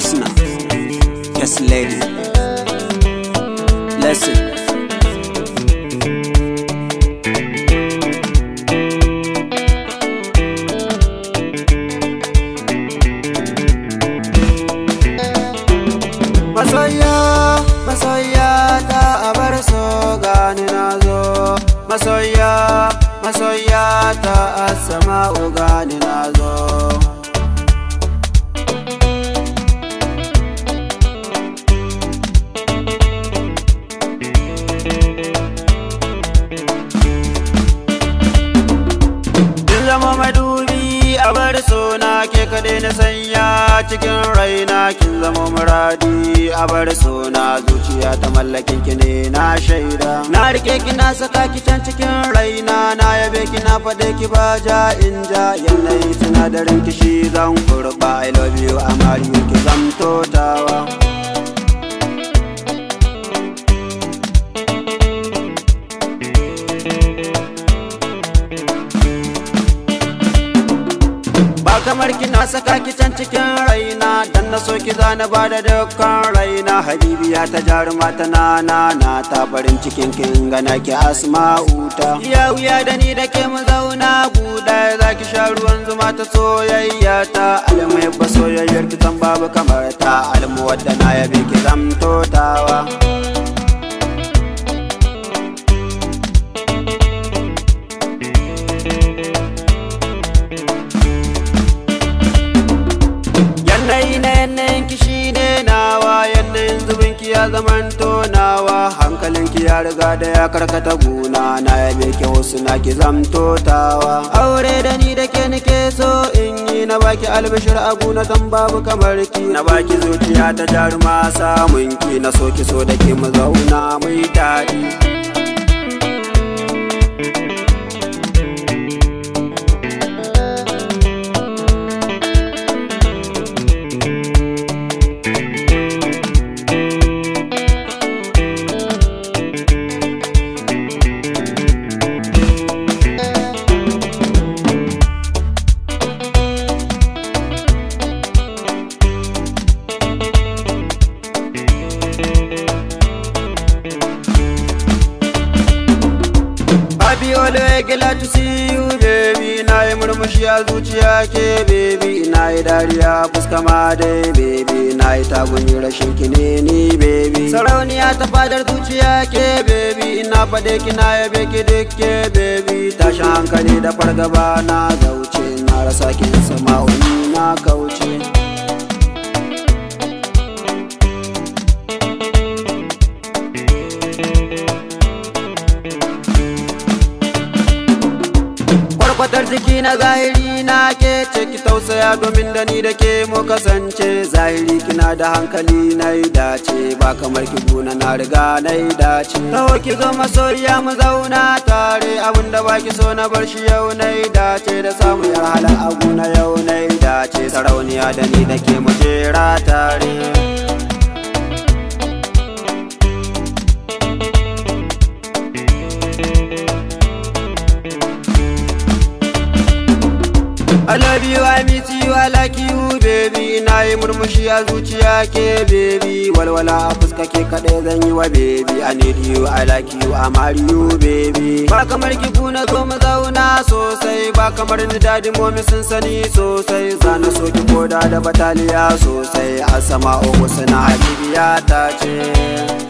Husna. Yes, lady. Listen. Masaya. ke kaɗai na sanya cikin raina kin zama muradi a bar suna zuciya ta mallakin ki ne na shaida na rike ki na saka ki can cikin raina na yabe ki na faɗe ki ba ja in ja yanayi sinadarin ki shi zan kurɓa i love you amari ki zamto ta kamar kina saka ki can cikin raina dan na so ki zana ba da dukkan raina habibiya ta jaruma ta nana na ta barin cikin kin gana ki asma'uta ya wuya da ni da ke mu zauna guda za ki sha ruwan zuma ta soyayya ta almai ba soyayyar ki zan babu kamar ta almu wadda na yabe ki zamtotawa ya zamanto nawa hankalinki ya riga da ya karkata guna na ya meke wasu na ki zamto tawa aure da ni da ke nake so in yi na baki albishir a guna tan babu kamar ki na baki zuciya ta jaruma samun ki na so ki so da ki mu zauna mai daɗi Halo gila to see you baby yi murmushi a zuciya ke baby ina yi dariya fuska ma dai baby ina yi tagumi rashin kine ni baby Sarauniya ta fadar zuciya ke baby ina faɗe kina ya yabe ki duk baby Tashin hankali da fargaba na zauce Na rasa ki sama'uni na kauce arziki na zahiri na ke ce ki tausaya domin da ni da ke mu kasance zahiri kina da hankali na yi dace ba kamar ki guna na riga na yi dace taho ki zo masoyiya mu zauna tare abin da ba ki so na bar shi yau na yi dace da samu yar hala abu na yau na yi dace sarauniya da ni da ke mu I love you, I miss you, I like you, baby Na yi murmushi a zuciya ke, baby Walwala a fuska ke kaɗai zan yi wa, baby I need you, I like you, I marry you, baby Ba kamar ki kuna zo mu zauna sosai Ba kamar ni dadi momi sun sani sosai Zana so ki koda da bataliya sosai Asama o wasu na habibiya ta ce